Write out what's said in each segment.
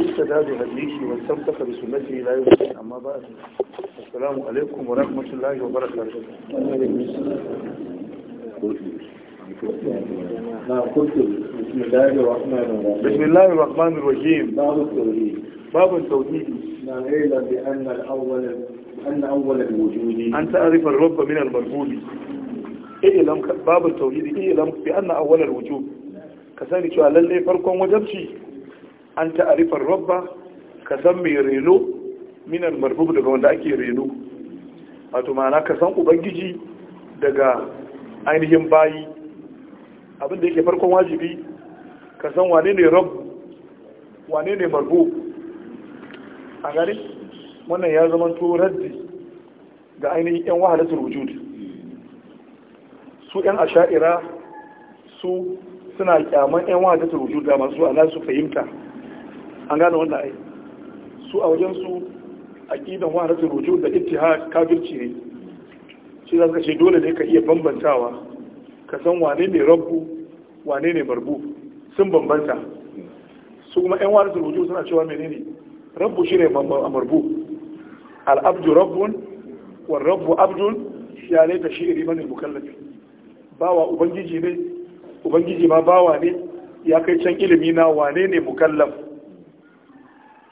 من اهتدى بهديه واستمسك بسنته لا يمكن أما بعد السلام عليكم ورحمة الله وبركاته بسم الله الرحمن الرحيم بسم الله الرحمن الرحيم باب التوحيد باب التوحيد ما غير بأن الأول أن أول الوجود أن تعرف الرب من إيه لم باب التوحيد إيه لم بأن أول الوجود كثاني شو للي فرقم وجبشي an ta'arifar rabba ka san mai reno minar marfuf daga wanda ake reno wato ma'ana ka san ubangiji daga ainihin bayi abinda yake farkon wajibi ka san wane ne rabu wane ne marbu a gari wannan ya zama to ga ainihin yan wahalatul wujud su yan asha'ira su suna kyaman yan wahalatul wujud da masu ana su fahimta an gane wanda ai su a wajen su aqidan wa rasul wujud da ittihad kafirci ne shi za ka ce dole ne ka iya bambantawa ka san wane ne rabbu wane ne marbu sun bambanta su kuma yan warisul wujud suna cewa menene rabbu shine marbu al abdu rabbun wal rabbu abdun ya laita shi'ri man al ba bawa ubangiji ne ubangiji ma bawa ne ya kai can ilimi na wane ne mukallaf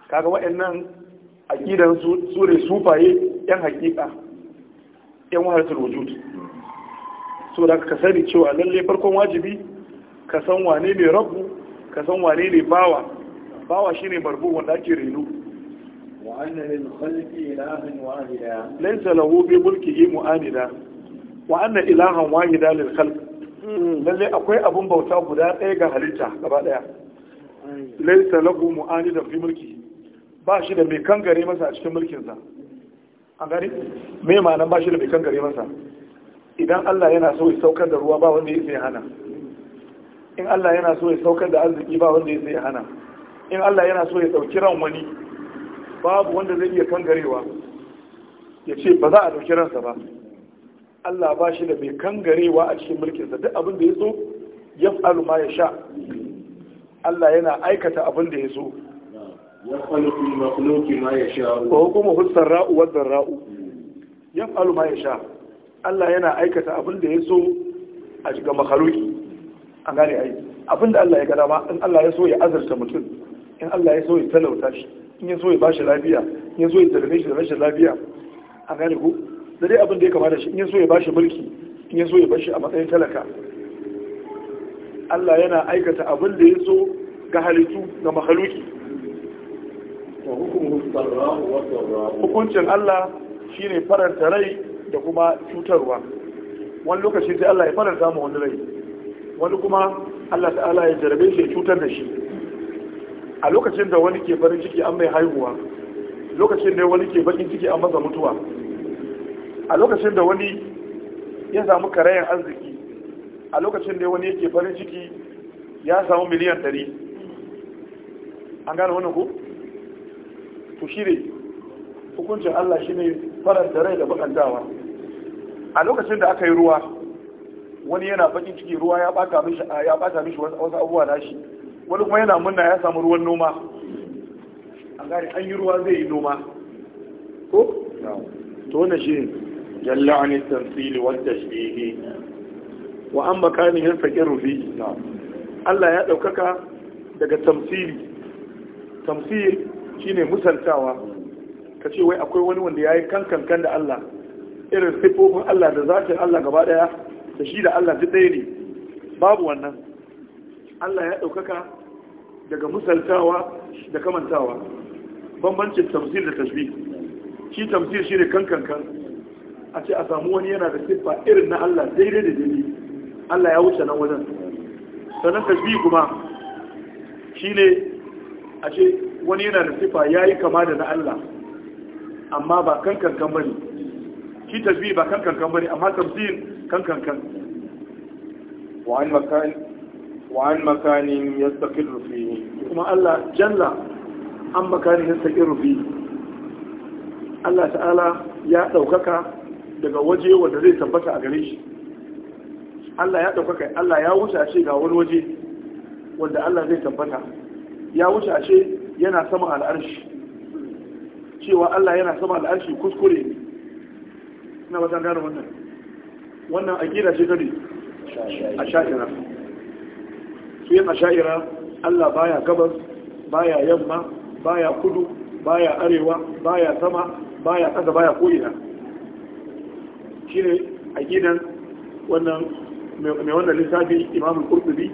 kaga waɗannan nan su su ne sufaye yan hakika yan wahalatul wujud so da ka sani cewa lalle farkon wajibi ka san wane ne rabu ka san wane ne bawa bawa shine barbu wanda ake reno وأن للخلق إلها واحدا ليس له بملكه مؤاندا وأن wahida lil للخلق hmm. lalle akwai abun bauta guda ɗaya ga halitta gaba ɗaya laisa lahu mu'anidan fi mulki ba shi da mai kangare masa a cikin mulkinsa a gari mai ma'anan ba shi da mai kangare masa idan Allah yana so ya saukar da ruwa ba wanda ya sai hana in Allah yana so ya saukar da arziki ba wanda ya sai hana in Allah yana so ya dauki ran wani babu wanda zai iya kangarewa ya ce ba za a dauki ransa ba Allah ba shi da mai kangarewa a cikin mulkinsa duk abin da ya so ya ma ya sha Allah yana aikata abin da ya so wa hukumu hussar ra'u wa rau. yan falu ma ya sha Allah yana aikata abin da ya so a shiga makhaluki an gane ai abin da Allah ya gada ma in Allah ya so ya azarta mutum in Allah ya so ya talauta shi in ya so ya bashi lafiya in ya so ya zarge shi da rashin lafiya an gane ku da dai abin da ya kamata shi in ya so ya bashi mulki in ya so ya bashi a matsayin talaka Allah yana aikata abin da ya so ga halittu ga makhaluki hukuncin Allah shi ne faranta rai da kuma cutarwa wani lokaci sai Allah ya faranta mu wani rai wani kuma Allah ta'ala ya jarabe shi ya cutar da shi a lokacin da wani ke farin ciki an mai haihuwa lokacin da wani ke bakin ciki an masa mutuwa a lokacin da wani ya samu karayen arziki a lokacin da wani yake farin ciki ya samu miliyan 100 an gane wannan ku. to shi ne hukuncin Allah shi ne faranta rai da bakantawa a lokacin da aka yi ruwa wani yana bakin ciki ruwa ya bata mishi ya bata mishi wasu abubuwa na shi wani kuma yana munna ya samu ruwan noma an gari an yi ruwa zai yi noma ko to wannan shi ne jalla an tansil wa tashbihi wa an makani hin fakiru rufi Allah ya daukaka daga tamsili tamsili shine musaltawa ka ce wai akwai wani wanda ya yi kankankan da Allah irin sifofin Allah da zafin Allah gaba daya da shi da Allah duk ɗaya ne babu wannan Allah ya ɗaukaka daga musaltawa da kamantawa bambancin tamsir da tasbi shi tamsir shi ne kankankan a ce a samu wani yana da siffa irin na Allah daidai da daidai Allah ya wuce nan wajen sannan tasbi kuma shi ne a ce wani yana da sifa ya yi kama da na Allah amma ba kan kankan bane shi tasbih ba kan kankan bane amma tamthil kan kankan wa an makani ya an makani yastaqirru kuma Allah jalla an makani saki rufi Allah ta'ala ya ɗaukaka daga waje wanda zai tabbata a gare shi Allah ya ɗaukaka, Allah ya wuce a ce ga wani waje wanda Allah zai tabbata ya wuce a ce yana sama al'arshi cewa Allah yana sama al'arshi kuskure ne ina ba ta wannan wannan aqida ce gari a sha'ira su yin a sha'ira Allah baya gabas baya yamma baya kudu baya arewa baya sama baya kasa baya ko'ina shine aqidan wannan mai wannan lissafi imamul qurtubi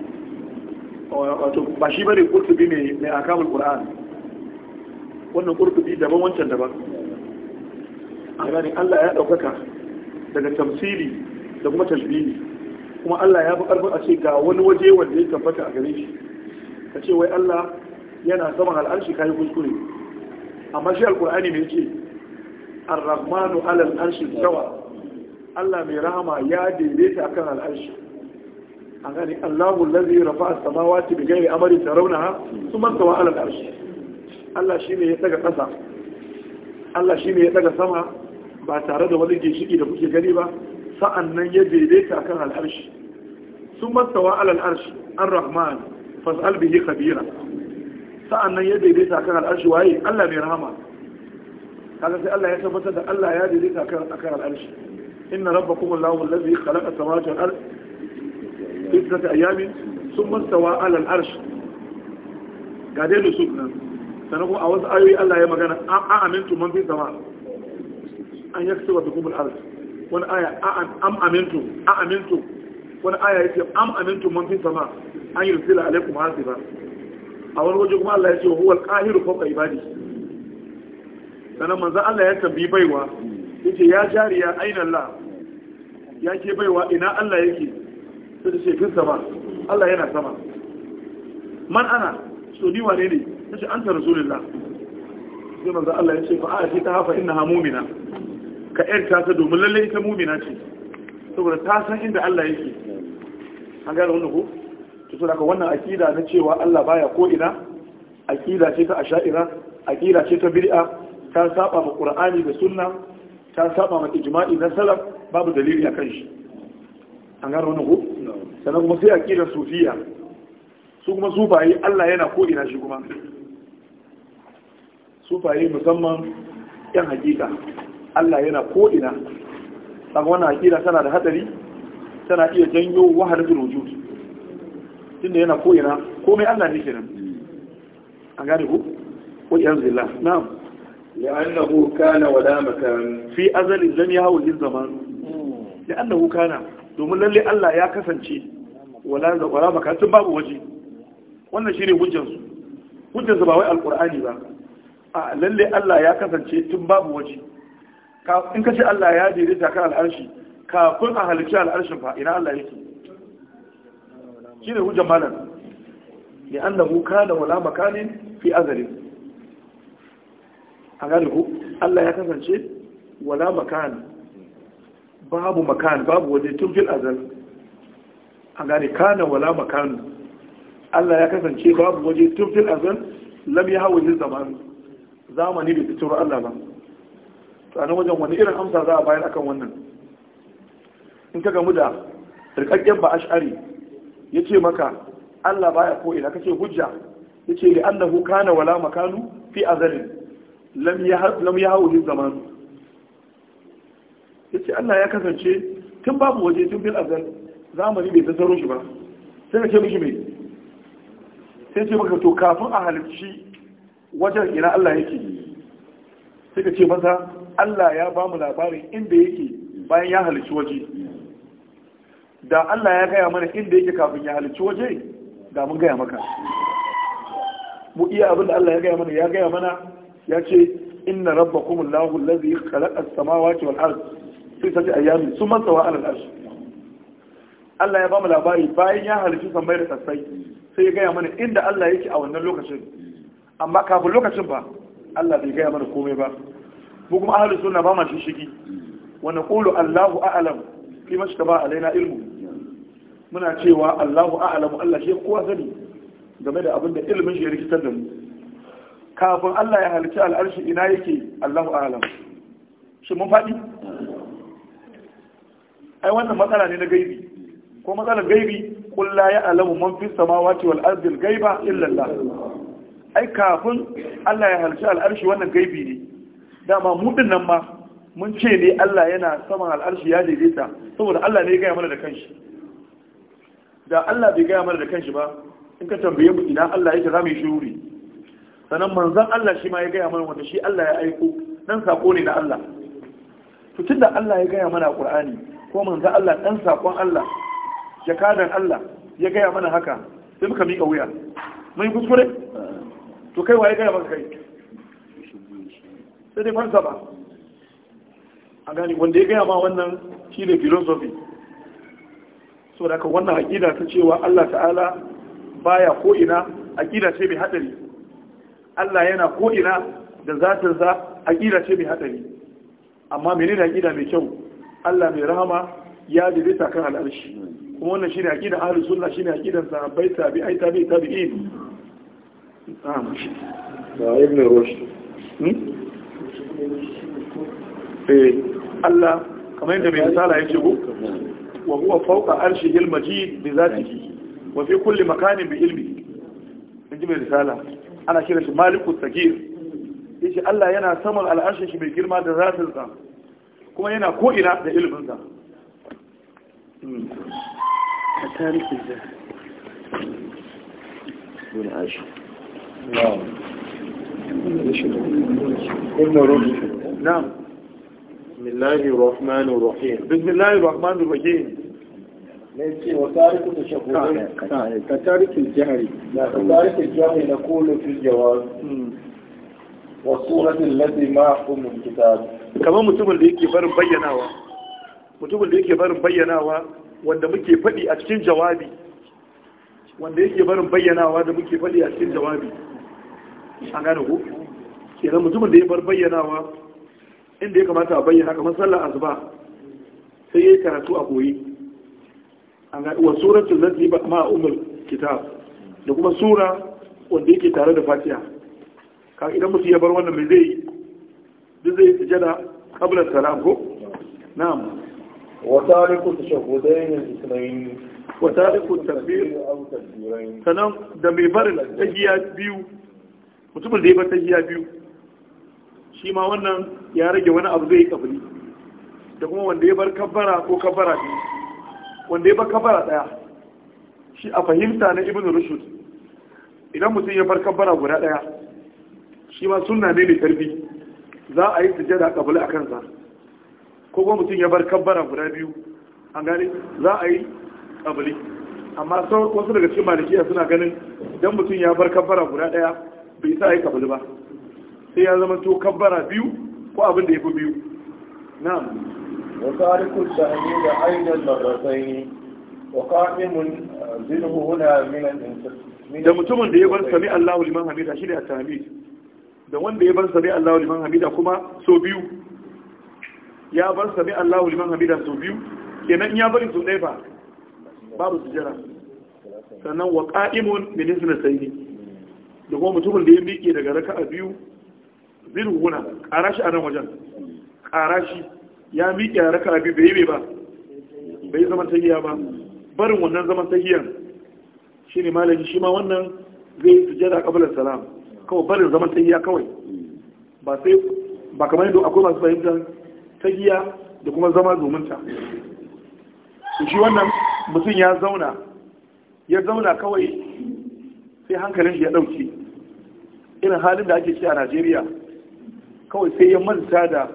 wato ba shi bane kurtubi mai mai akamul qur'an wannan kurtubi daban wancan daban a gani Allah ya daukaka daga tamsili da kuma tashbihi kuma Allah ya fi karfin a ce ga wani waje wanda ya tabbata a gare shi ka ce wai Allah yana saman al'arshi kayi kuskure amma shi alkur'ani mai ce ar-rahmanu alal arshi tawa Allah mai rahama ya daidaita akan al'arshi an gane Allahu allazi rafa'a as-samawati bi ghairi amrin tarawnaha thumma istawa 'ala al-'arsh Allah shi ne ya daga ƙasa. Allah shi ne ya daga sama ba tare da wani ginshiki da kuke gani ba Sa'an nan ya daidaita kan al-'arsh thumma istawa 'ala al-'arsh ar-rahman fas'al bihi khabira sa'annan ya daidaita kan al-'arsh waye Allah mai rahama kaga sai Allah ya tabbatar da Allah ya daidaita kan al-'arsh inna rabbakum allahu allazi khalaqa samawati wal ardh sittata ayyamin sun mastawa alal arsh ga dai lusuf nan sannan kuma a wasu ayoyi Allah ya magana an amintu man fi sama an yaksu wa bikum al arsh wani aya am amintu an amintu wani aya yake am amintu man fi sama an yursila alaikum hasiba a wani waje kuma Allah ya ce huwa al-qahiru fawqa ibadi sannan manzo Allah ya tambayi baiwa yace ya jariya aina Allah ya ke baiwa ina Allah yake sai da ce sama Allah yana sama man ana so ni wane ne ta ce an ta rasulullah sai manzo Allah ya ce fa a ta hafa innaha mu'mina ka yarta ta domin lalle ita mu'mina ce saboda ta san inda Allah yake an gane wannan ko to saboda wannan akida na cewa Allah baya ko ina akida ce ta asha'ira akida ce ta bir'a ta saba ma qur'ani da sunna ta saba ma ijma'i na salaf babu dalili akan shi an gano wannan ko sannan kuma sai a aqidar sufiya su kuma sufaye Allah yana ko ina shi kuma sufaye musamman yan hakika Allah yana ko ina saka wannan aqida tana da hadari tana iya janyo da wujud tunda yana ko ina komai Allah ne kenan an gane ku ko yanzu billah na'am لأنه كان ولا مكان في أزل لم يهول للزمان لأنه كان domin lalle Allah ya kasance wala da tun babu waje wannan shi ne hujjansu. Hujjansu ba wai alqur'ani ba a lalle Allah ya kasance tun babu waje In ka in Allah ya daidaita kan al'arshi kafin a halicci al'arshin fa ina Allah yake shine hujjar malam li muka da wala makanin fi azalin a gane ku Allah ya kasance wala makanin babu makan babu waje tun fil azal an gane kana wala makanu Allah ya kasance babu waje tun fil azal lam ya hawa yin zamani zamani bai fitoro Allah ba to wajen wani irin amsa za a bayar akan wannan in ka gamu da rikakken ba ash'ari ya ce maka Allah baya ko ina kace hujja ya ce li annahu kana wala makanu fi azalin lam ya hawa yin zamani yace Allah ya kasance tun babu waje tun fil azal zamani bai tasaro shi ba sai ka ce mishi me sai ce maka to kafin a halicci wajen ina Allah yake sai ka ce masa Allah ya ba mu labarin inda yake bayan ya halicci waje da Allah ya gaya mana inda yake kafin ya halicci waje da mun gaya maka mu iya abin da Allah ya gaya mana ya gaya mana ya ce inna rabbakum allahu allazi khalaqa as-samawati wal ardh sai sati ayyami sun matsawa alal arshi Allah ya mu labari bayan ya halitta sammai da sassai sai ya gaya mana inda Allah yake a wannan lokacin amma kafin lokacin ba Allah bai gaya mana komai ba mu kuma ahlus sunna ba ma shishigi wa naqulu Allahu a'lam fi shaba alaina ilmu muna cewa Allahu a'lam Allah shi kowa sani game da abin da ilimin shi ya rikitar da mu kafin Allah ya halitta al'arshi ina yake Allahu a'lam shi mun faɗi ai wannan matsala ne na gaibi ko matsalar gaibi Kulla la alamu man fis samawati wal ardi al ghaiba illa Allah ai kafin Allah ya halci al'arshi wannan gaibi ne dama mu din nan ma mun ce ne Allah yana saman al'arshi ya daidaita saboda Allah ne ya gaya mana da kanshi da Allah bai gaya mana da kanshi ba in ka tambaye mu idan Allah yake za mu yi shuri sannan manzon Allah shi ma ya gaya mana wanda shi Allah ya aiko nan sako ne na Allah to tunda Allah ya gaya mana Qur'ani ko manzo Allah dan sakon Allah jakadan Allah ya gaya mana haka sai muka miƙa wuya mun kuskure to kai waye gaya maka kai sai dai fansa ba a gani wanda ya gaya ma wannan shi ne philosophy so da wannan aƙida ta cewa Allah ta'ala baya ko ina aƙida ce mai haɗari. Allah yana ko ina da zatinsa aƙida ce mai haɗari amma menene aƙida mai kyau Allah mai rahama ya jirita kan al'arshi kuma wannan shine aqidar ahlus sunna shine aqidar sahabbai tabi'ai tabi'i tabi'in na'am da ibn rushd hmm? eh Allah kamar yadda mai misala ya ce ko wa huwa fawqa arshihi al-majid bi zatihi wa fi kulli makanin bi ilmi inji mai risala ana kira shi maliku Ya ce Allah yana saman al'arshin shi mai girma da zatinsa kuma yana ko'ina da iliminsa a tarihin da نعم بسم الله الرحمن الرحيم بسم الله الرحمن الرحيم ليس وتارك التشهدين كتارك الجهل لا كتارك الجهل نقول في الجواز والصورة التي معكم الكتاب kamar mutumin da yake barin bayyanawa mutumin da yake barin bayyanawa wanda muke faɗi a cikin jawabi wanda yake barin bayyanawa da muke faɗi a cikin jawabi an gane ku kenan mutumin da ya bar bayyanawa inda ya kamata a bayyana kamar sallar asuba sai ya yi karatu a koyi wa suratul lati ba ma umul kitab da kuma sura wanda yake tare da fatiha ka idan mutum ya bar wannan mai zai duk zai sujada qabla salam ko na'am wa tariku tashahhudain al wa tariku takbir sanan da mai barin tahiyya biyu mutumin da ya bar tahiyya biyu shi ma wannan ya rage wani abu zai kabili da kuma wanda ya bar kabbara ko kabbara biyu wanda ya bar kabbara daya shi a fahimta na ibn rushd idan mutum ya bar kabbara guda daya shi ma sunna ne mai karfi za a yi sujada kabula a kansa ko kuma mutum ya bar kabbara guda biyu an gani za a yi kabuli amma wasu daga cikin malikiya suna ganin idan mutum ya bar kabbara guda daya bai sa a yi kabuli ba sai ya zama to kabbara biyu ko abin da ya fi biyu na'am wa wa uh, da mutumin da ya bar sami Allahu liman hamida shi ne at tamid da wanda ya bar sami Allahu liman hamida kuma so biyu ya bar sami Allahu liman hamida so biyu kenan ya bari so ɗaya ba babu sujjara sannan wa qa'imun min isnatayni da kuma mutumin da ya miƙe daga raka a biyu ƙara shi a nan wajen shi ya miƙe a raka a biyu bai yi ba bai zaman tahiya ba barin wannan zaman tahiyan shine malami shi ma wannan zai sujjara qabla salam kawai barin zaman ta giya kawai ba sai ba kamar yadda akwai masu fahimtar giya da kuma zama zumunta shi wannan mutum ya zauna ya zauna kawai sai hankalin ya ɗauki irin halin da ake ci a najeriya kawai sai ya manta da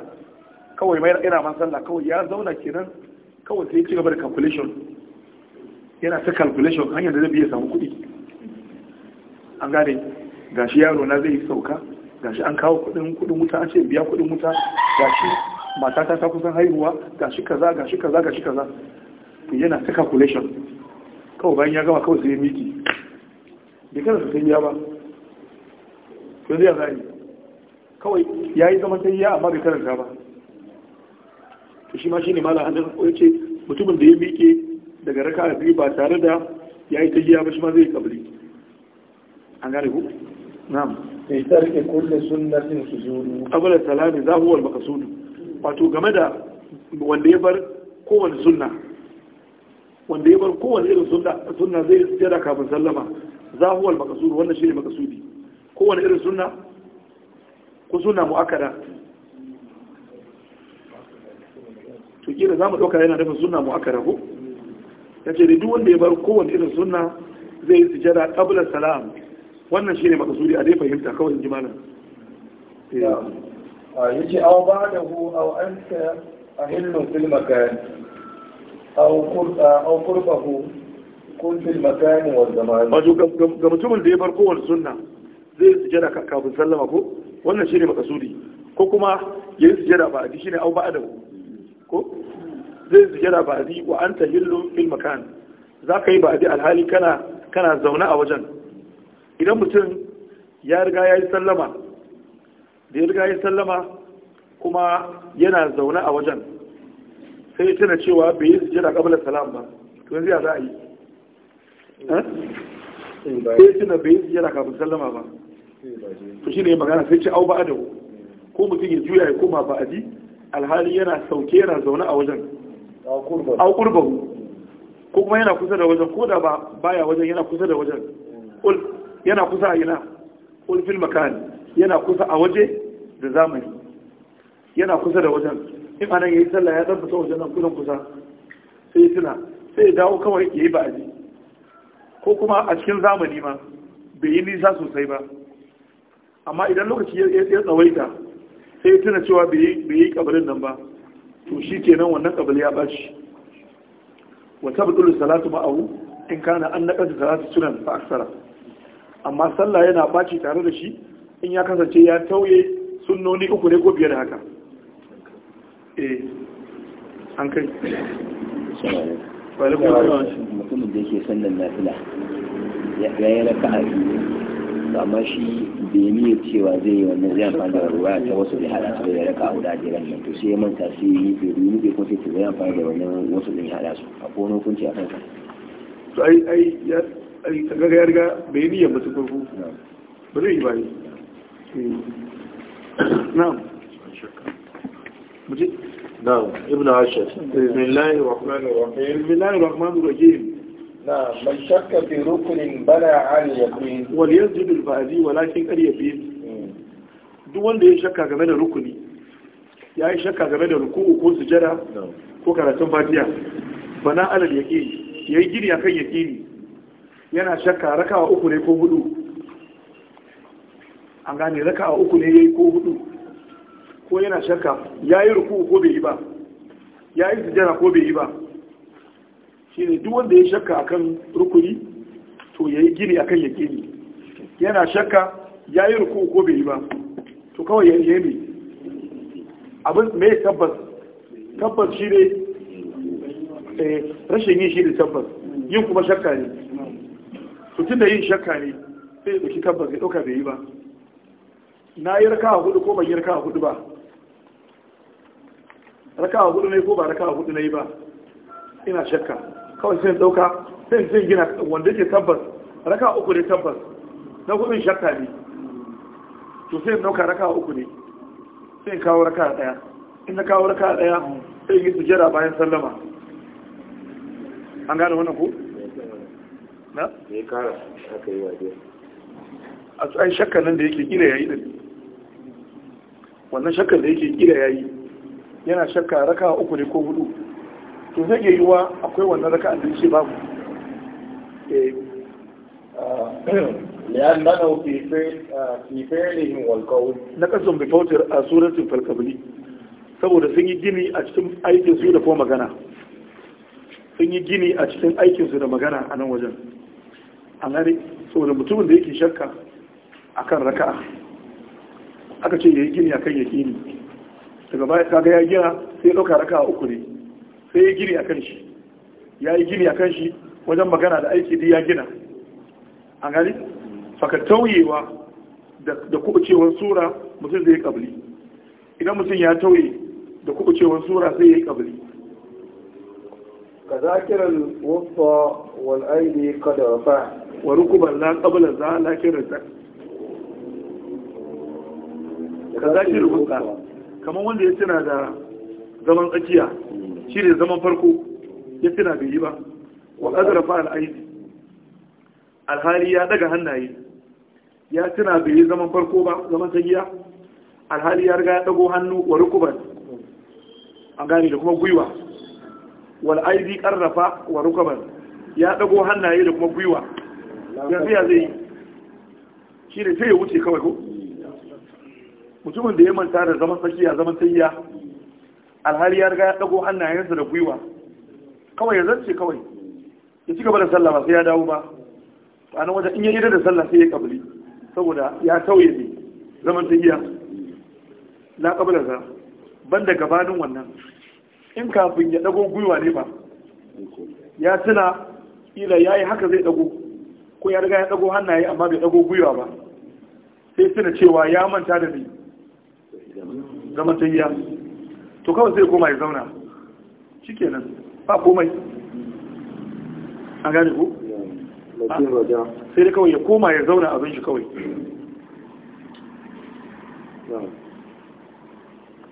kawai mai ina masalla kawai ya zauna kenan kawai sai ya ci gaba da calculation yana ta calculation hanyar da zai biya samu kuɗi an gane gashi yaro na zai sauka gashi an kawo kudin kudin wuta an ce biya kudin wuta gashi matata ta kusan haihuwa gashi kaza gashi kaza gashi kaza to yana ta calculation kawai bayan ya gama kawai sai ya miki bai kada sai ya ba to zai zai kawai ya yi zama sai ya amma bai karanta ba to shi ma shi ne malam hannun ko yace mutumin da ya miƙe daga raka a biyu ba tare da ya yi ta ba shi ma zai kabri an gane ku نعم في ترك كل سنة sujudu qabla السلام za هو المقصود maqsud wato game da wanda ya bar kowane sunna wanda ya bar kowane irin sunna sunna zai tsira kafin sallama za huwa السنة maqsud wannan shine za mu ɗauka yana nufin sunna mu ko ya ce duk wanda ya bar kowane irin sunna zai sujada salam wannan shine makasudi a dai fahimta kawai in ji malam eh. ah, yace aw ba'dahu aw anta ahillu fil makan aw qurba ah, aw qurbahu kun fil makan wal zaman wato ga mutumin da ya bar kowace sunna zai sujada kafin sallama ko wannan shine makasudi ko kuma ya yi sujada ba adi shine aw ba'dahu ko zai sujada ba adi wa anta hillu fil makan ka yi ba adi alhali kana kana zaune a wajen idan mutum ya riga ya yi sallama da ya riga ya yi sallama kuma yana zaune a wajen sai ya tana cewa bai yi sujjada kabilar salam ba to yanzu ya za a yi eh? sai ya tana bai yi sujjada kafin sallama ba to shine magana sai ce au ba adawu ko mutum ya juya ya koma ba adi alhali yana sauke yana zaune a wajen au kurban ko kuma yana kusa da wajen ko da ba baya wajen yana kusa da wajen yana kusa a ina ulfil makan yana kusa a waje da zamani yana kusa da wajen in anan yayi sallah ya tabbata wajen nan kusan kusa sai ya tuna sai ya dawo kawai ya yi ba'aji ko kuma a cikin zamani ma bai yi nisa sosai ba amma idan lokaci ya tsawaita sai ya tuna cewa bai yi kabarin nan ba to shi kenan wannan kabal ya bashi wa tabtulu salatu ma'ahu in kana an naqasa salatu sunan fa aksara amma sallah yana baci tare da shi in ya kasance ya tauye sunnoni uku ne ko biyar haka eh an kai mutumin da yake sannan nafila ya yi raka a biyu amma shi yi niyyar cewa zai yi wannan zai amfani da ruwa ta wasu da hada su da ya raka a guda ran nan to sai manta sai yi da ruwa bai kuma sai zai amfani da wannan wasu da ya hada su a kowane hukunci a kanka to ai ai نعم. إيه. نعم. نعم ابن عشر إيه. بسم الله الرحمن الرحيم بسم الله الرحمن الرحيم نعم من شك في ركن بلا على اليقين وليزد البعدي ولكن إيه. نعم. اليقين دول دي شكا game da rukuni yayi shakka game da ruku'u ko sujada ko karatun fatiha bana alal yaqin yayi giri akan yaqini yana shakka raka'a uku ne ko hudu an gane raka'a uku ne yayi ko hudu ko yana shakka yayi ruku ko bai yi ba yayi sujjada ko bai yi ba shine duk wanda ya shakka akan rukuni to yayi gini akan yaqini yana shakka yayi ruku ko bai yi ba to kawai yayi yayi abin mai tabbas tabbas shine eh rashin yin shi ne tabbas yin kuma shakka ne to da yin shakka ne sai da kika ba zai dauka bai yi ba na yi raka hudu ko ban yi raka hudu ba raka hudu ne ko ba raka hudu na yi ba ina shakka kawai sai dauka sai sai gina wanda ke tabbas raka uku ne tabbas na hudun shakka ne to sai dauka raka uku ne sai kawo raka daya in na kawo raka daya sai yi sujjara bayan sallama an gane wannan ko na? ya kara aka yi a tsayin shakkan nan da yake kira ya yi din wannan shakkan da yake kira ya yi yana shakka raka uku ne ko hudu to zai iya yiwuwa akwai wannan raka da yake babu eh. ah, ah, Na ƙasar في a والقول نقصهم بفوت saboda sun yi gini a cikin aikinsu da kuma magana sun yi gini a cikin aikinsu da magana a nan wajen an gane saboda mutumin da yake shakka a kan raka'a aka ce ya yi gini akan ya gini daga baya kaga ya gina sai ɗauka raka'a uku ne sai ya gini akan shi ya yi gini akan shi wajen magana da aiki duk ya gina an gani fakatauyewa tauyewa da kubucewar sura mutum zai yi kabli idan mutum ya tauye da kubucewar sura zai yi kabli كذاكر الوسطى والأيدي قد رفع وركبا لا قبل ذا لكن كذاكر الوسطى كما وند يتنا دا زمن تsakiya shi ne zaman farko ya tuna bai yi ba wa azrafa al'aidi alhali ya daga hannaye ya tuna bai yi zaman farko ba zaman tsakiya alhali ya riga ya dago hannu wa rukuban an gane da kuma gwiwa wal aibi karrafa wa rukaban ya dago hannaye da kuma gwiwa ya ya zai shi ne sai ya wuce kawai ko mutumin da ya manta da zaman tsakiya zaman tsakiya alhali ya riga ya dago hannayensa da gwiwa kawai ya zance kawai ya ci gaba da sallah ba sai ya dawo ba a nan wajen in ya idar da sallah sai ya kabili saboda ya tauye ne zaman tsakiya na kabilarsa ban da gabanin wannan in kafin ya dago gwiwa ne ba ya tuna ila ya yi haka zai dago ko ya riga ya dago hannaye amma bai dago gwiwa ba sai tuna cewa ya manta da ni zama tayya to kawai zai koma ya zauna nan, ba komai an gane ku sai dai kawai ya koma ya zauna abin shi kawai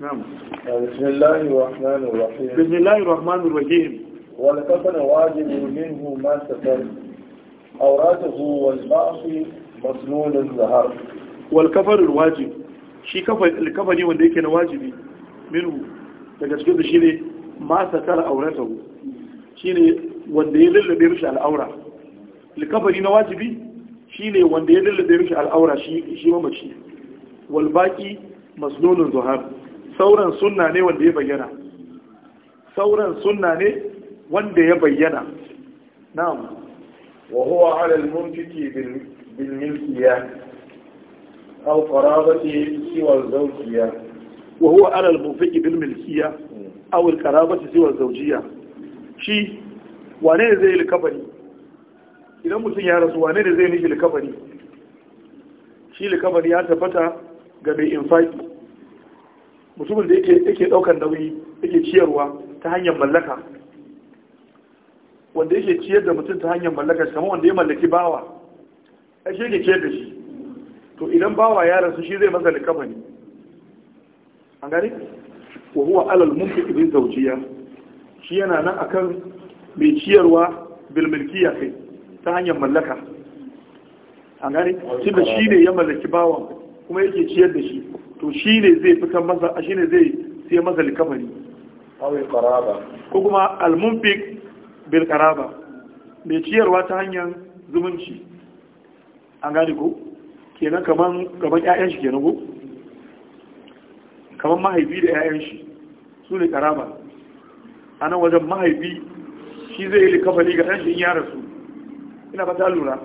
نعم بسم الله الرحمن الرحيم بسم الله الرحمن الرحيم ولكفن واجب منه ما سفر أوراته والبعث مسنون الزهر والكفن الواجب shi kafa ne wanda yake na wajibi minu daga cikin da shi ne masa tara aurata shi ne wanda ya lullube mishi al'aura likafari na wajibi shi ne wanda ya lullube mishi al'aura shi mamaci walbaki masnonin zuhar sauran sunna ne wanda ya bayyana sauran sunna ne wanda ya bayyana na'am wa huwa ala al-munfiki bil milkiya aw qarabati siwa al-zawjiyya wa huwa ala al-munfiki bil milkiya aw al-qarabati siwa al-zawjiyya shi wane zai likafani idan mutum ya rasu wane ne zai miki likafani shi likafani ya tabbata ga mai infaki mutumin da yake ɗaukar nauyi yake ciyarwa ta hanyar mallaka wanda yake ciyar da mutum ta hanyar mallaka kama wanda ya mallaki bawa a shi yake ciyar da shi to idan bawa ya rasu shi zai masa likafa ne an gani wa huwa alal mumkin ibin zaujiya shi yana nan akan mai ciyarwa bilmilkiya kai ta hanyar mallaka an gani shi shi ne ya mallaki bawan kuma yake ciyar da shi to shi ne zai kan masa shi ne zai sai masa likamari awai qaraba ko kuma almunfik bil qaraba mai ciyarwa ta hanyar zumunci an gane ko kenan kaman gaban ƴaƴan shi kenan ko kaman mahaifi da ƴaƴan shi su ne qaraba anan wajen mahaifi shi zai yi likafari ga ɗan shi in ya rasu ina ba ta lura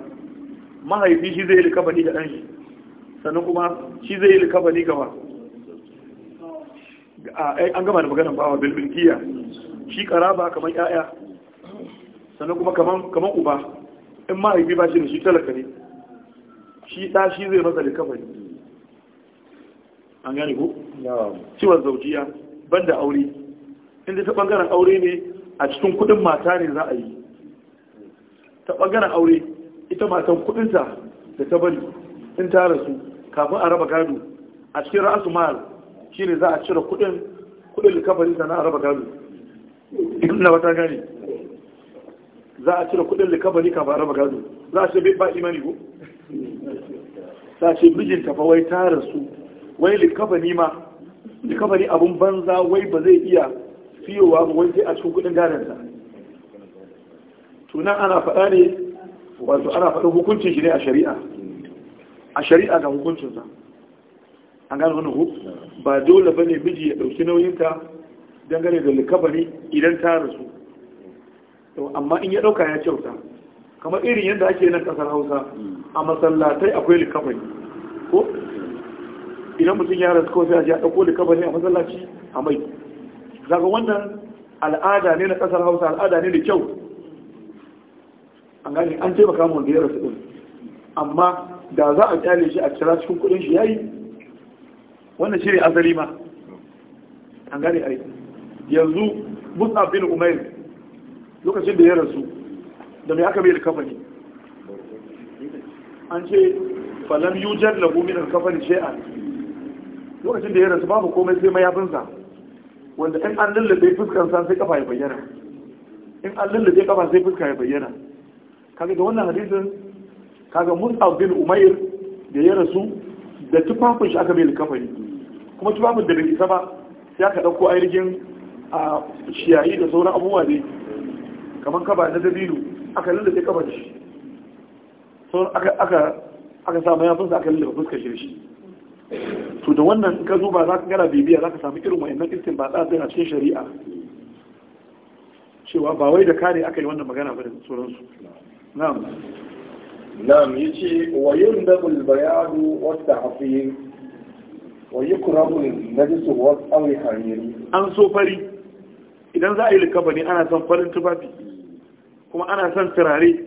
mahaifi shi zai yi likafari ga ɗan shi sannan kuma shi zai yi likafani gaba eh, an gama da maganin bawa bilbilkiya shi karaba kamar ya'ya sannan kuma kamar uba in mahaifi ba shi da shi talaka ne shi ɗa shi zai masa likabali an gane ku. ciwon zaujiya ban da aure inda ta ɓangaren aure ne a cikin kudin mata ne za a yi ta ɓangaren aure ita matan kudinta da ta bari sun tara su kafin a raba gado a cikin ra'asu shi ne za a cire kudin kudin likafari sana a raba gado na wata gane za a cire kudin likafari kafin a raba gado za a ce ba imani ko za a ce mijinta tafa wai tara su wai likafani ma likafani abun banza wai ba zai iya fiyowa ba wai sai a cikin kudin gadonsa tunan ana faɗa ne wato ana faɗin hukuncin shi ne a shari'a a shari'a ga hukuncinsa A gano wani hu ba dole ba ne miji ya ɗauki nauyinta dangane da ne idan ta rasu amma in ya ɗauka ya kyauta kamar irin yadda ake nan ƙasar hausa a masallatai akwai ne ko idan mutum ya rasu kawai sai a ɗauko a ɗauko a masallaci a mai zaga wannan al'ada ne na ƙasar hausa al'ada ne da kyau an gani an taimaka mu wanda ya rasu ɗin amma da za a kyale shi a cira cikin kudin shi yayi wannan shi ne azali ma an gane ai yanzu musa bin umair lokacin da ya rasu da mai aka bai kafani an ce falam yujar da min al-kafani shay'an lokacin da ya rasu babu komai sai mayafinsa wanda in an lullube sa sai kafa ya bayyana in an lullube kafa sai fuska ya bayyana kaga da wannan hadisin kaga mus'ab bin umair da ya rasu da tufafin shi aka mai likafani kuma tufafin da bai isa ba sai aka ɗauko ainihin a shiyayi da sauran abubuwa ne kamar kaba na dabino aka sai kaba shi sauran aka samu fusa aka lullace fuskar shi shi to da wannan in ka zo ba za ka gara bibiya za ka samu irin wayannan istin ba tsada a cikin shari'a cewa ba wai da kare aka yi wannan magana ba da sauransu na'am nan yi ce wayin dabal bayanu wata hafiyin wayi kurabun na jisu wasu awi hanyar an so fari idan za a yi likaba ana son farin tufafi kuma ana son turare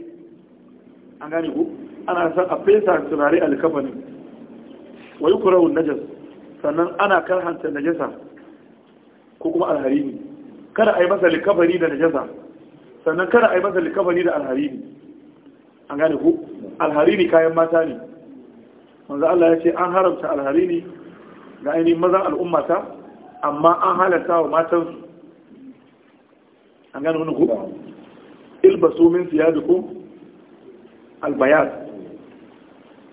an gani ku ana son a fesa turare a likaba ne wayi kurabun na sannan ana karhanta na ko kuma alharini kada a yi masa likaba da na sannan kada a yi masa likaba ne da alharini an gani ku alhariri kayan mata ne wanzu Allah ya ce an haramta alhariri ga ainihin mazan al'ummata amma an halatta wa matansu an gani wani ku ilbasu min ku albayat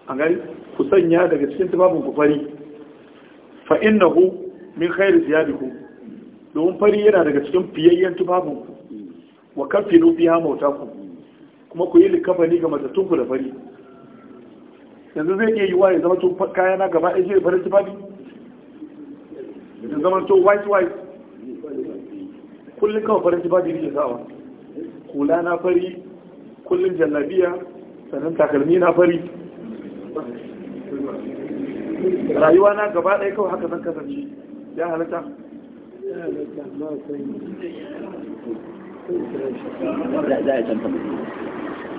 an gani ku sanya daga cikin tufafin ku fari fa ku min khairi siyadikum domin fari yana daga cikin fiyayyen tufafin ku wa kafinu mauta ku. kuma ku yi likafani ga matattunku da fari yanzu zai iya yi waye zama to kaya na gaba ɗaya farin tufafi yanzu zama to white white kullum kawai farin tufafi ne sawa kula na fari kullum jallabiya sannan takalmi na fari rayuwa na gaba ɗaya kawai haka zan kasance ya halatta a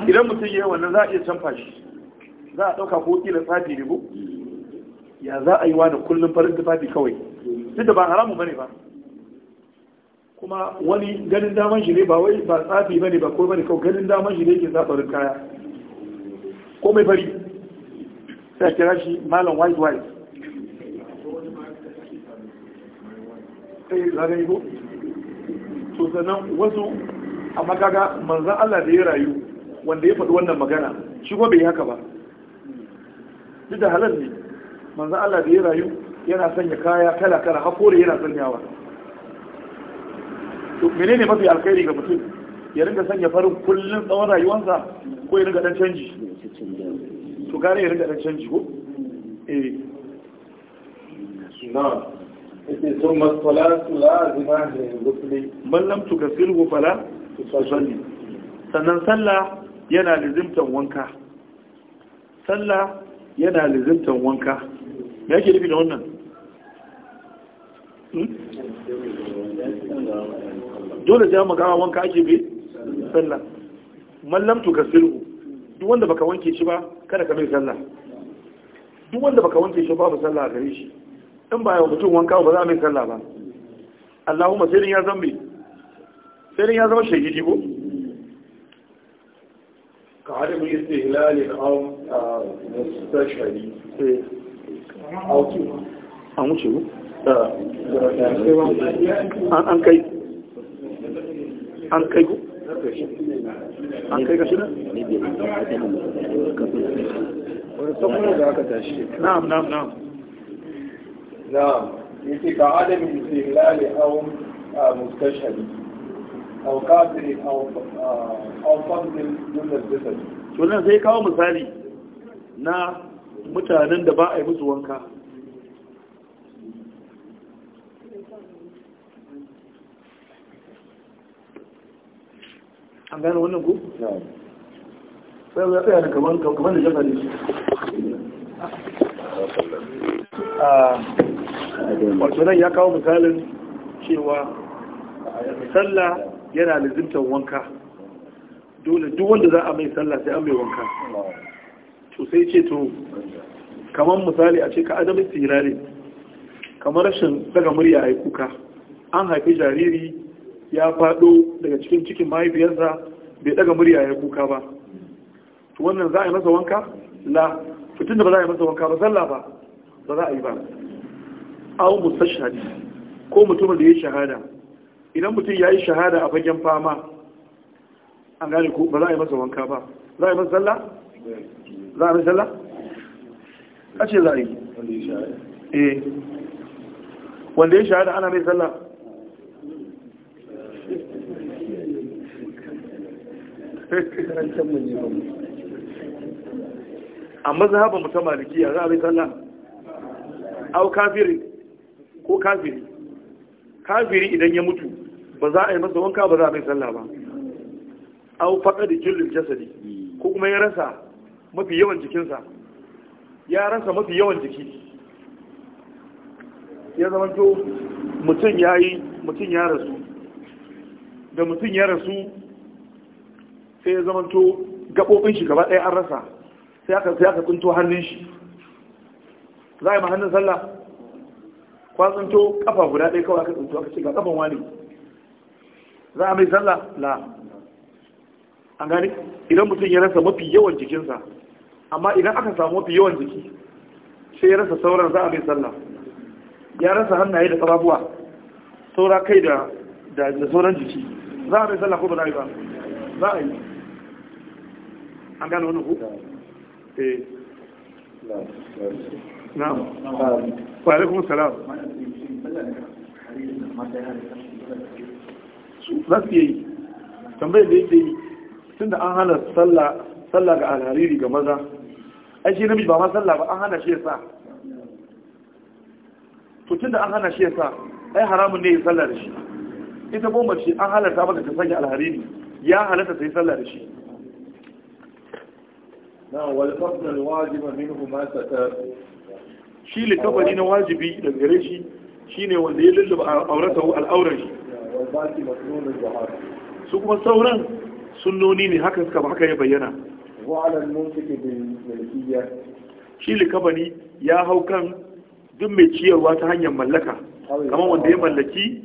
idan mutum ya yi wannan za a iya canfa shi za a ɗauka ko ƙila fadi ne ya za a yi wa da kullum farin tufafi kawai duk da ba haramu bane ba kuma wani ganin daman shi ne ba wai ba tsafi bane ba ko bane kawai ganin daman shi ne yake zaɓarin kaya ko mai fari sai a kira shi malam white white sai eh, zagayi ko to sannan wasu a makaga manzan Allah da ya rayu wanda ya faɗi wannan magana shi kuma bai haka ba duk da halal ne manzan Allah da ya rayu yana sanya kaya kala-kala kore yana sanyawa to menene mafi alkhairi ga mutum ya ringa sanya farin kullum tsawon rayuwarsa ko ya ringa dan canji to gare ya ringa dan canji ko eh na ita sun masalatu lazima ne rukuni man lam tukasilhu fala tusalli sannan sallah yana lizimtan wanka sallah yana lizimtan wanka me yake nufi da wannan hmm? dole ya magawa wanka ake bi sallah mallam tu kasiru duk wanda baka wanke shi ba kada ka mai sallah duk wanda baka wanke shi ba ba sallah a gare shi in ba yau mutum wanka ba za a mai sallah ba Allahumma sai ya zama sai ya zama shahidi ko كعدم الاستهلال أو مستشهد أو كيف an wuce ku? an kai an kai ku? an kai kashi nan? na'am na'am na'am na'am yake ka adamin istilali awon mustashari أو قادر أو أو الجسد kawo misali na mutanen da ba a yi musu wanka an wannan ku? ya ya da kamar da ne nan ya kawo misalin cewa sallah yana lizimtar wanka dole duk wanda za a mai sallah sai an mai wanka to sai ce to kamar misali a ce ka adamin tsirare. kamar rashin daga murya a kuka an haifi jariri ya fado daga cikin cikin mahaifiyarsa bai daga murya ya kuka ba to wannan za a yi masa wanka la fitin da ba za a yi masa wanka ba sallah ba ba za a yi ba au mustashhadi ko mutumin da ya shahada idan mutum ya yi shahada a fagen fama an gane ko ba za a yi masa wanka ba za a yi masa sallah za a yi sallah a ce za a yi eh. wanda ya shahada ana mai sallah a haɓa mutum malikiya za a mai sallah au kafiri ko kafiri kafiri idan ya mutu ba za a yi masa wanka ba za a mai sallah ba au faɗa da jullin jasadi ko kuma ya rasa mafi yawan jikinsa ya rasa mafi yawan jiki ya to mutum ya yi mutum ya rasu da mutum ya rasu sai ya to gaɓoɓin shi gaba ɗaya an rasa sai aka sai aka kunto hannun shi za a yi ma hannun sallah kwatsanto ƙafa guda ɗaya kawai aka tsinto aka ce ga kafan wani za a mai sallah la an gani idan mutum ya rasa mafi yawan jikinsa amma idan aka samu mafi yawan jiki sai ya rasa sauran za a mai sallah ya rasa hannaye da ƙafafuwa saura kai da sauran jiki za a mai sallah ko ba za a yi a yi an wani ku? eh na'am wa alaikum salam za su yi tambayar da yake yi tun da an hana sallah ga alhariri ga maza ai shi namiji ba ma sallah ba an hana shi ya sa to tun da an hana shi ya sa ai haramun ne ya sallah da shi ita bomba ce an halarta mata ta sanya alhariri ya halarta ta yi sallah da shi na walfafin wajiba min shi likafari na wajibi daga gare shi shine wanda ya lulluba aurata al'aurar shi baki matsalolin jihar su kuma sauran sunnoni ne haka suka haka ya bayyana wa ala al bil shi likabani ya hau kan duk mai ciyarwa ta hanyar mallaka kamar wanda ya mallaki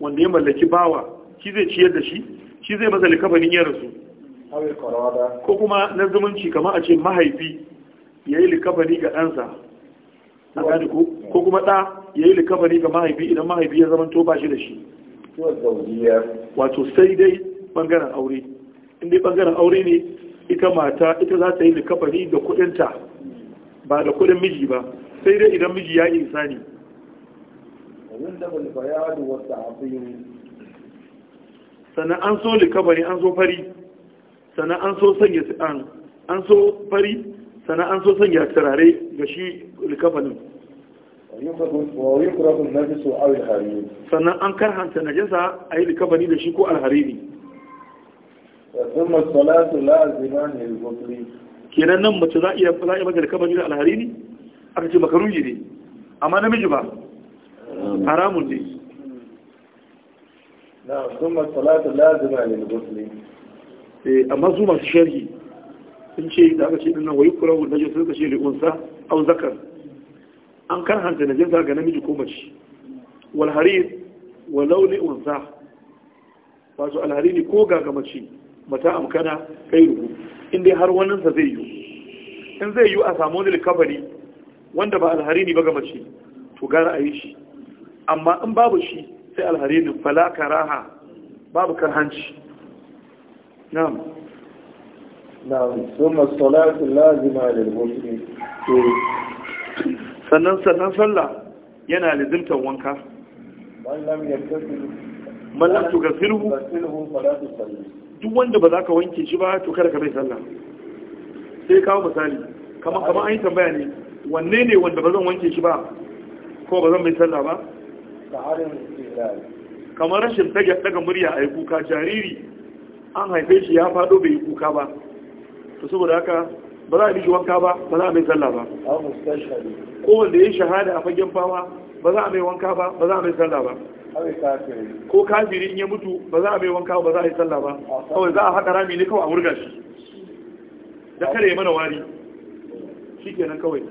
wanda ya mallaki bawa shi zai ciyar da shi shi zai masa likabanin ya rasu ko kuma na zumunci kamar a ce mahaifi ya yi likabani ga ɗansa ko kuma ɗa ya yi likabani ga mahaifi idan mahaifi ya zama to ba shi da shi wato sai dai bangaren aure in dai bangaren aure ne ita mata ita za ta yi likafari da kudinta ba da kudin miji ba sai dai idan miji ya yi insani sannan an so likafari an so fari sannan an so sanya an so fari sannan an so sanya turare ga shi likafarin sannan an karhanta najasa a yi likabani da shi ko alhariri kenan nan mace za a iya za a maka likabani da alhariri aka ce makaruji ne amma namiji ba um. haramun ne eh, amma su masu sharhi sun ce da aka ce ɗin nan wa yi kurawun najasa suka ce li'unsa au zakar an karhanta najasa ga namiji ko mace wal harir wa lauli unsa wato Alharini ko ga ga mace mata amkana kai ruhu Inda har wannan sa zai yi in zai yi a samu wani likabari wanda ba Alharini ba ga mace to gara a yi shi amma in babu shi sai alhariri fala karaha babu karhanci na'am na'am sunna salatu lazima lil muslim sannan sannan sallah yana lizimtar wanka mallam ga firhu duk wanda ba za ka wanke shi ba to kada ka bai sallah sai kawo misali Kama kama an yi tambaya ne wanne ne wanda ba zan wanke shi ba ko ba zan bai sallah ba kamar rashin daga murya a yi kuka jariri an haife shi ya faɗo bai yi kuka ba to saboda haka ba za a mishi wanka ba ba za a mai sallah ba ko wanda ya shahada a fagen fama ba za a mai wanka ba ba za a mai sallah ba ko kafiri in ya mutu ba za a mai wanka ba za a yi sallah ba kawai za a haka rami ne kawai a wurga shi da kare mana wari shi kenan kawai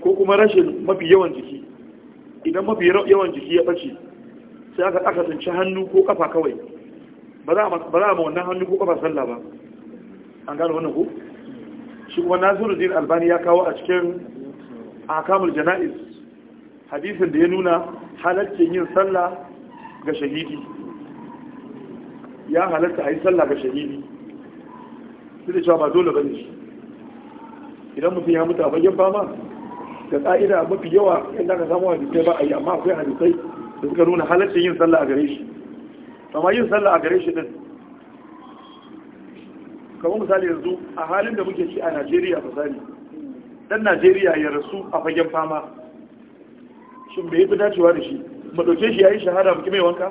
ko kuma rashin mafi yawan jiki idan mafi yawan jiki ya ɓace sai aka ci hannu ko kafa kawai ba za a ma wannan hannu ko kafa sallah ba an gano wannan ku shi kuma nasiruddin albani ya kawo a cikin akamul jana'iz hadisin da ya nuna halaccin yin sallah ga shahidi ya halatta a yi sallah ga shahidi su da cewa ba dole ba ne idan mutum ya mutu a bayan fama da ƙa'ida mafi yawa inda ka samu hadisai ba a yi amma akwai hadisai da suka nuna halaccin yin sallah a gare shi amma yin sallah a gare shi din kamar misali yanzu a halin da muke ci a najeriya misali dan najeriya ya rasu a fagen fama shin bai fi dacewa da shi mu shi ya yi shahada muke mai wanka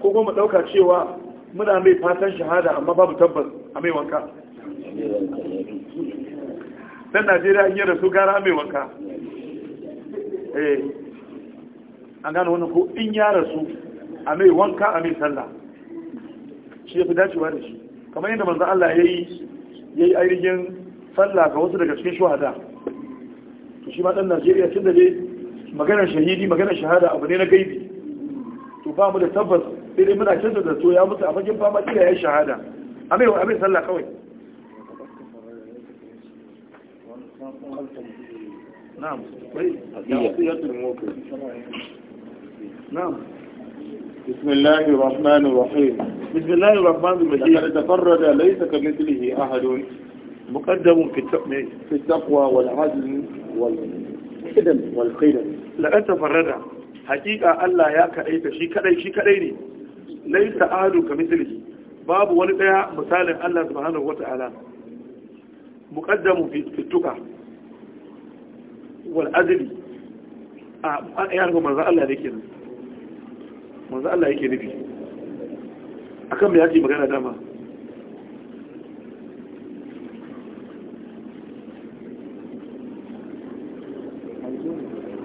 ko kuma mu ɗauka cewa muna mai fatan shahada amma babu tabbas a mai wanka dan najeriya ya rasu gara mai wanka eh an gano wannan ko in ya rasu a mai wanka a mai sallah shi ya fi dacewa da shi kamar yadda manzo Allah yayi yayi ayyukan sallah ga wasu daga cikin shuhada to shi ma dan Najeriya tun da dai maganar shahidi magana shahada abu ne na gaibi to ba mu da tabbas sai muna canza da to ya mutu a fagen fama kila yayi shahada amai amai sallah kawai na'am نعم بسم الله الرحمن الرحيم بسم الله الرحمن الرحيم لقد تفرد ليس كمثله أحد مقدم في التقوى والعدل والقدم والقدم لقد تفرد حقيقة الله يا كأيت شي كأي شي كأيني ليس أحد كمثله باب ولدها مثال الله سبحانه وتعالى مقدم في التقى والعدل يعني منذ الله يكي منذ الله يكي نبي akan mai ake magana dama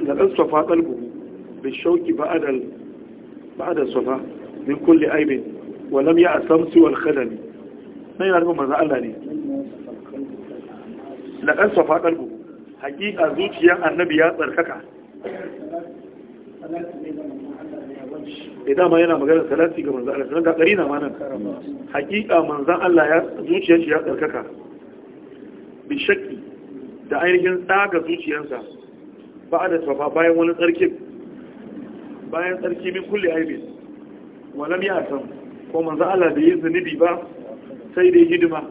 da ɗan sofa ɗalbu bai shauki ba'adar sofa min kulle aibin walam ya asamsu wal khadami na yana nufin manzan Allah ne da ɗan sofa ɗalbu hakika zuciya annabi ya tsarkaka da eh, dama yana maganar salati ga manzan Allah sanar da ɗari na manan hakika manzan Allah ya zuciyar shi ya tsarkaka bi shakki da ainihin tsaga zuciyarsa ba a da tafa bayan wani tsarkin bayan tsarki min kulle aibin walam ya san ko manzan Allah da yi zunubi ba sai dai hidima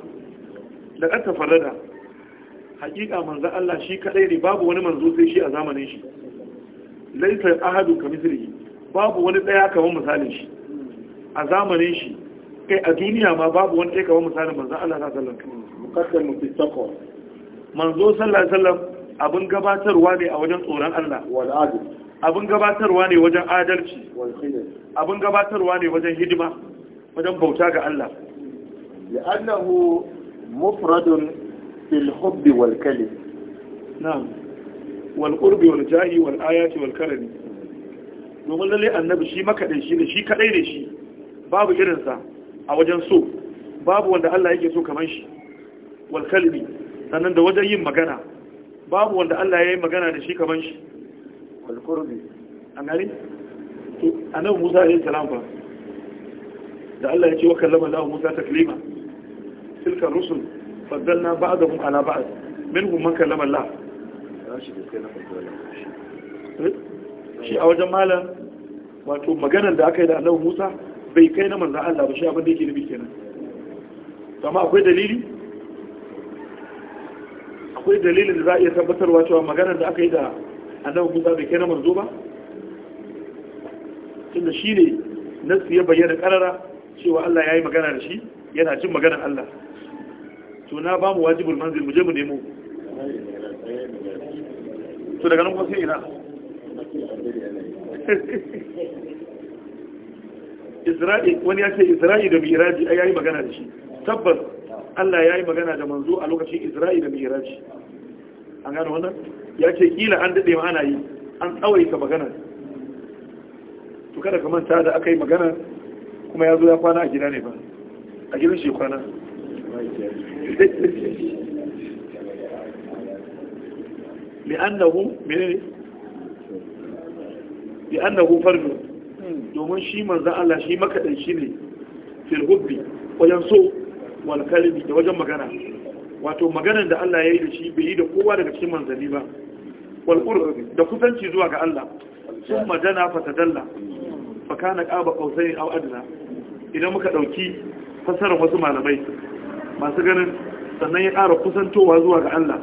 da ƙasa farada hakika manzan Allah shi kaɗai ne babu wani manzo sai shi a zamanin shi laifin ahadu ka misiri babu wani daya kamar misalin shi a zamanin shi kai a duniya ma babu wani daya kamar misalin manzo Allah sallallahu alaihi wasallam manzo sallallahu abin gabatarwa ne a wajen tsoron Allah wal abin gabatarwa ne wajen adalci wal abin gabatarwa ne wajen hidima wajen bauta ga Allah li'annahu mufradun fil hubbi wal kalim na'am wal qurbi wal jahi wal ayati wal karami domin lalle annabi shi makaɗai shi ne shi kaɗai ne shi babu irinsa a wajen so babu wanda Allah yake so kamar shi wal sannan da wajen yin magana babu wanda Allah ya yi magana da shi kamar shi wal a an gani to annabi Musa ya yi fa da Allah ya ce wa kallama Allah Musa taklima tilka rusul faddalna ba'dahum ala ba'd minhum man kallama Allah rashi da kai na faddala shi a wajen malam wato maganar da aka yi da annabi Musa bai kai na manzo Allah ba shi abin da yake nufi kenan amma akwai dalili akwai dalilin da za a iya tabbatarwa cewa maganar da aka yi da annabi Musa bai kai na manzo ba tunda shi ne nasu ya bayyana karara cewa Allah ya yi magana da shi yana jin maganar Allah to na ba mu wajibul manzil mu je mu nemo to daga nan kuma sai ina isra'i wani ya ce isra'i da miraji a yayi magana da shi tabbas Allah ya yi magana da manzo a lokacin isra'i da miraji an gano wannan ya ce kila an daɗe ma ana yi an tsawaita magana to kada ka manta da aka yi magana kuma ya zo ya kwana a gida ne ba a gidan shi kwana li'annahu menene bi annahu fardu domin shi manzon Allah shi makadan shi ne fil hubbi wajen so wal kalbi da wajen magana wato maganar da Allah ya yi da shi bai yi da kowa daga cikin manzanni ba wal da kusanci zuwa ga Allah sun madana tadalla fa kana qaba qausain aw adna idan muka dauki fasarar wasu malamai masu ganin sannan ya ƙara kusantowa zuwa ga Allah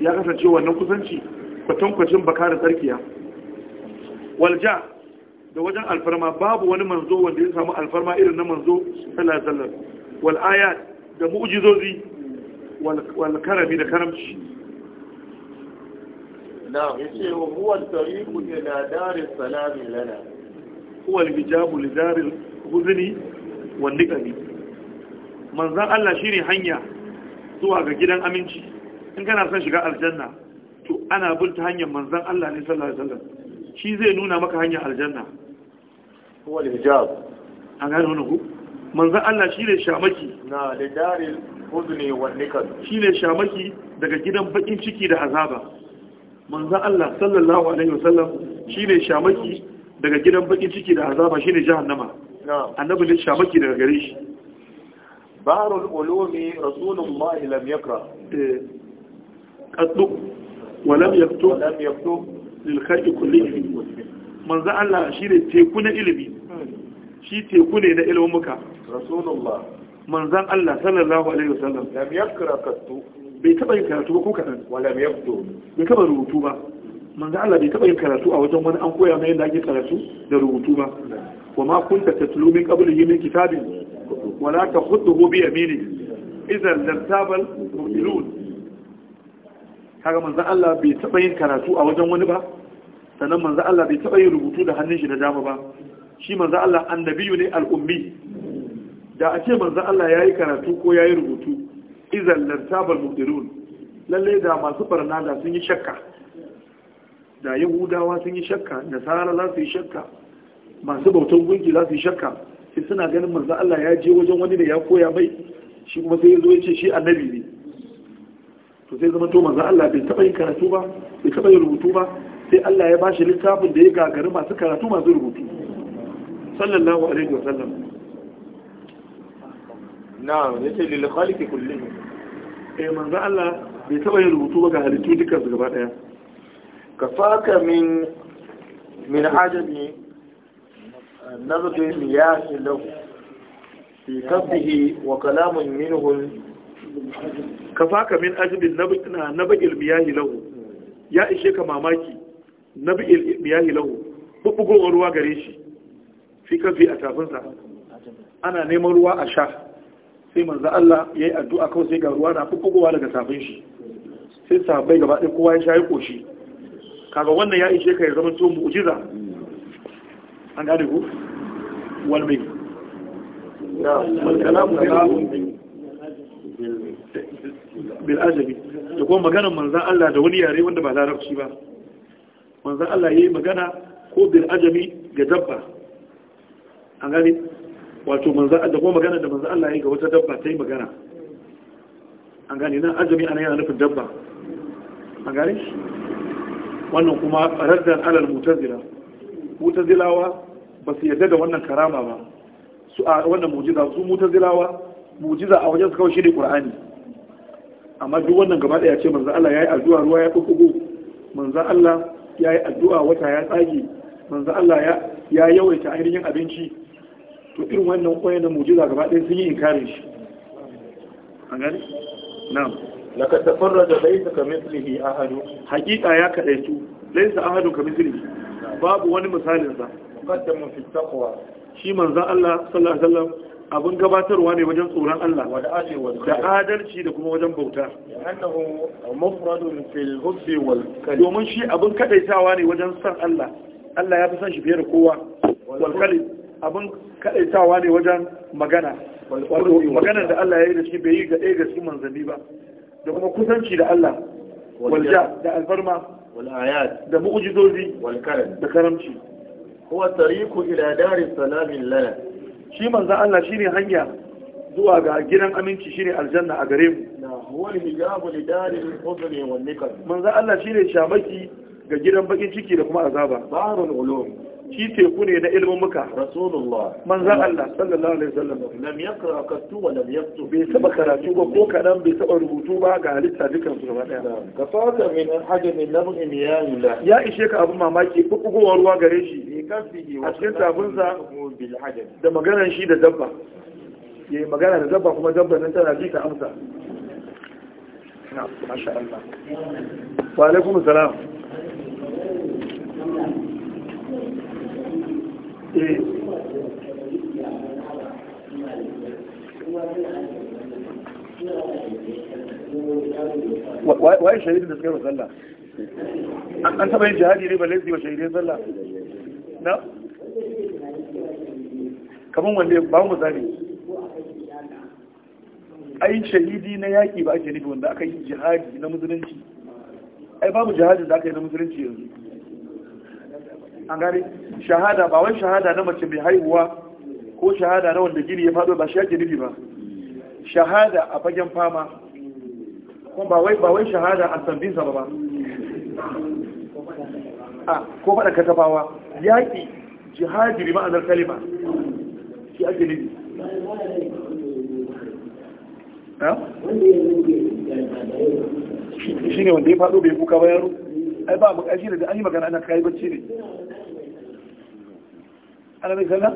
ya kasance wannan kusanci kwatankwacin baka tsarkiya walja da wajen alfarma babu wani manzo wanda ya samu alfarma irin na manzo sallallahu alaihi wasallam da mu'jizozi wal karami da karamci Na yace wa huwa at-tariqu ila daris salam lana huwa al-hijabu li daril huzni wan niqami manzan Allah shine hanya zuwa ga gidan aminci in kana son shiga aljanna to ana bin ta hanyar manzan Allah ne sallallahu alaihi wasallam shi zai nuna maka hanyar aljanna wal hijab an gane wani ku manzan Allah shi ne shamaki na da daril huzni wal nikal shi ne shamaki daga gidan bakin ciki da azaba manzan Allah sallallahu alaihi wasallam shi ne shamaki daga gidan bakin ciki da azaba shi ne jahannama annabi ne shamaki daga gare shi barul ulumi rasulullahi lam yakra eh. qaddu wa lam yaktub lilka'i kulli manzo Allah shi ne teku na ilimi shi teku ne na ilimin muka rasulullah manzan Allah sallallahu alaihi wasallam lam yakra kattu bai taba yin karatu ba ko kadan walam yabdu bai taba rubutu ba manzan Allah bai taba yin karatu a wajen wani an koya mai yadda ake karatu da rubutu ba wa ma kunta tatlu min qablihi min kitabin wala takhudhu bi yamini idan lam tabal mubtilun kaga manzan Allah bai taɓa yin karatu a wajen wani ba sannan manzan Allah bai taɓa yin rubutu da hannun shi da dama ba shi manzan Allah annabiyu ne al'ummi da a ce manzan Allah ya yi karatu ko ya yi rubutu izan lartabar mudirun lallai da masu barna da sun yi shakka da yahudawa sun yi shakka nasara za su yi shakka masu bautan gunki za su yi shakka sai suna ganin manzan Allah ya je wajen wani da ya koya mai shi kuma sai ya zo ya ce shi annabi ne to sai zama to manzo Allah bai taba yin karatu ba bai taba yin rubutu ba sai Allah ya bashi littafin da ya gagari masu karatu masu rubutu sallallahu alaihi wa sallam na'am yace lil khaliqi kullihi eh manzo Allah bai taba yin rubutu ba ga halittu dukkan su gaba daya kafaka min min ajabi ya shi lahu fi kabdihi wa kalamun minhu ka min ajibin na baƙil miyahi lahu ya ishe ka mamaki na baƙil miyahi lahu buɓɓugowar ruwa gare shi fi kafi a tafinsa ana neman ruwa a sha sai manza Allah ya yi addu'a kawai sai ga ruwa na buɓɓugowa daga tafin shi sai sabai gaba ɗaya kowa ya sha ya ƙoshi kaga wannan ya ishe ka ya zama to ujiza. an gane ku wal mai bil ajabi da kuma maganar manzan Allah da wani yare wanda ba larabci ba manzan Allah ya yi magana ko bil ajabi ga dabba an gani wato da kuma magana da manzan Allah ya yi ga wata dabba ta yi magana an gani nan ajabi ana yana nufin dabba an gani wannan kuma raddan alal mutazila mutazilawa ba su yarda da wannan karama ba su a wannan mujiza su mutazilawa mujiza a wajen su kawai shi ne qur'ani amma duk wannan gaba daya ce manzo Allah yayi addu'a ruwa ya kugo manzo Allah yayi addu'a wata ya tsage manzo Allah ya ya yawaita ainihin abinci to irin wannan koyar da mujiza gaba daya sun yi inkari shi an gani na'am laka tafarraja laysa mithlihi ahadu haqiqa ya su laysa ahadu mithlihi babu wani misalin sa muqaddamun fi taqwa shi manzo Allah sallallahu alaihi wasallam abin gabatarwa ne wajen tsoron Allah da adalci da kuma wajen bauta domin shi abin kadaitawa ne wajen san Allah Allah ya fi san shi fiye da kowa walkali abin kadaitawa ne wajen magana maganar da Allah ya yi da shi bai yi ga ɗaya ga cikin manzanni ba da kuma kusanci da Allah walja da alfarma da mu'ujizozi da karamci huwa tariku ila dari salamin lana shi manzan Allah shine hanya zuwa ga gidan aminci ne aljanna a gare mu huwa hijabu li manzan Allah shine shamaki ga gidan bakin ciki da kuma azaba barul ulum shi teku ne na ilimin muka rasulullah manzan Allah sallallahu alaihi wasallam lam yakra kattu wa lam yaktu bai saba karatu ba ko kadan bai saba rubutu ba ga halitta dukan su gaba daya ka fata min hajjin min nabin ya yula ya ishe ka abin mamaki bubugowar ruwa gare shi a cikin sabunsa da maganar shi da dabba yayi magana da dabba kuma dabba nan tana ji ta amsa na masha Allah wa alaikum salam waye shahidin da suka yi sallah an taba yin jihadi ne balle su shahidin sallah na kamar wanda ba mu zane ai shahidi na yaƙi ba ake nufi wanda aka yi jihadi na musulunci ai babu jihadi da aka yi na musulunci yanzu an gane shahada ba wai shahada na mace mai haihuwa ko shahada na wanda gini ya fado ba shi yake nufi ba shahada a fagen fama kuma ba wai ba wai shahada a sambinsa ba ba a ko faɗa katabawa yaƙi jihadi bi ma'anar kalima shi ake nufi shi ne wanda ya faɗo bai kuka ba yaro ai ba mu ƙashi da an yi magana ana kayi bacci ne ana mai sallah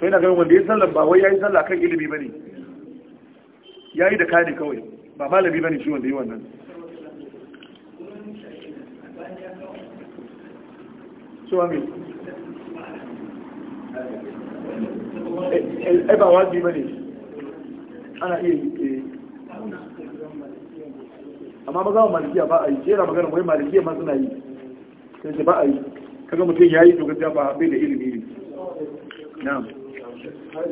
to yana ganin wanda ya sallan ba wai ya yi sallah kan ilimi ba ne ya yi da kani kawai ba malami ba ne shi wanda yi wannan cewa mai ai ba wa ba ne ana iya yi eh. amma ba za a malikiya ba a yi jera magana wai malikiya ma suna yi sai ba a yi kaga mutum ya yi to gaskiya ba bai da ilimi ne na'am za a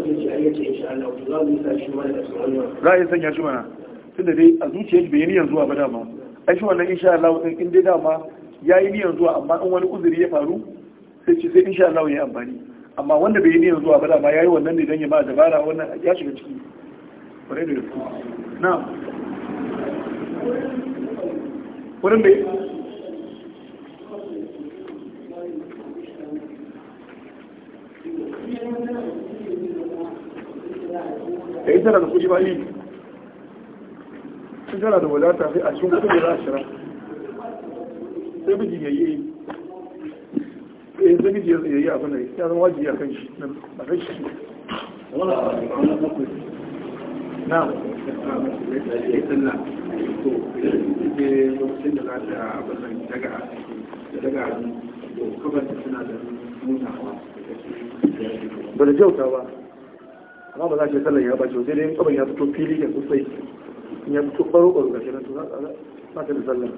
yi sanya shi mana tun da dai a zuciyar bai yi niyan zuwa ba dama ai shi wannan insha Allah din in dai dama ya yi niyan zuwa amma in wani uzuri ya faru sai ce sai insha Allah ya yi amfani amma wanda bai yi niyan zuwa ba dama yayi wannan ne dan ya ma dabara wannan ya shiga ciki bare da yake na'am wurin bai da yi tara da kuɗi ba yi tara da wadata sai a cikin kuɗi da za sai bijin yayi eh namiji ya yi abin da ya zama a kan shi kan shi na ba da jauta ba amma ba za ce sallar ya ba ce wajen yin ya fito fili da kusai ya fito baro baro ga shi na to ba ta da sallar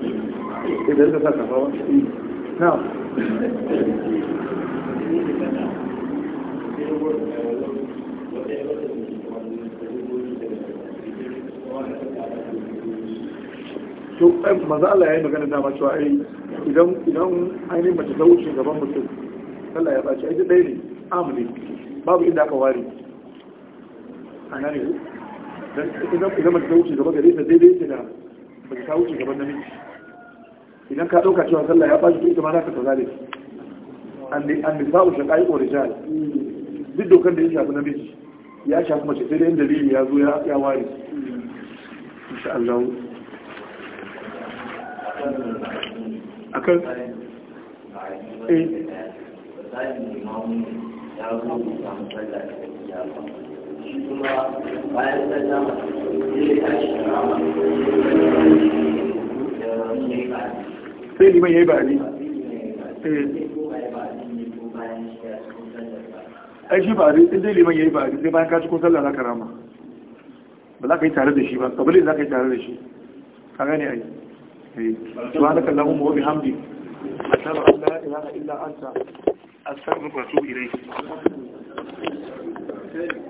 idan na to maza Allah ya magana dama ai idan idan ainihin mace ta wuce gaban mutum Allah ya ɓaci ai ɗaya ne amuli babu inda aka ware a nan ne idan mace ta wuce gaban gare ta daidai ce da ta wuce gaban namiji idan ka dauka cewa sallah ya bashi ita ma za ka kaza da shi annisa'u shaqa'iqu rijal duk dokar da ya shafi namiji ya shafi mace sai da inda dalili ya zo ya ya ware insha Allah akan eh you. sai liman ya yi ba eh. a shi ba a dai liman ya yi bayan sallah ka rama ba za ka yi tare da shi ba kabili za ka yi tare da shi ka gane ai سبحانك اللهم a أشهد أن لا إله إلا أنت أستغفرك وأتوب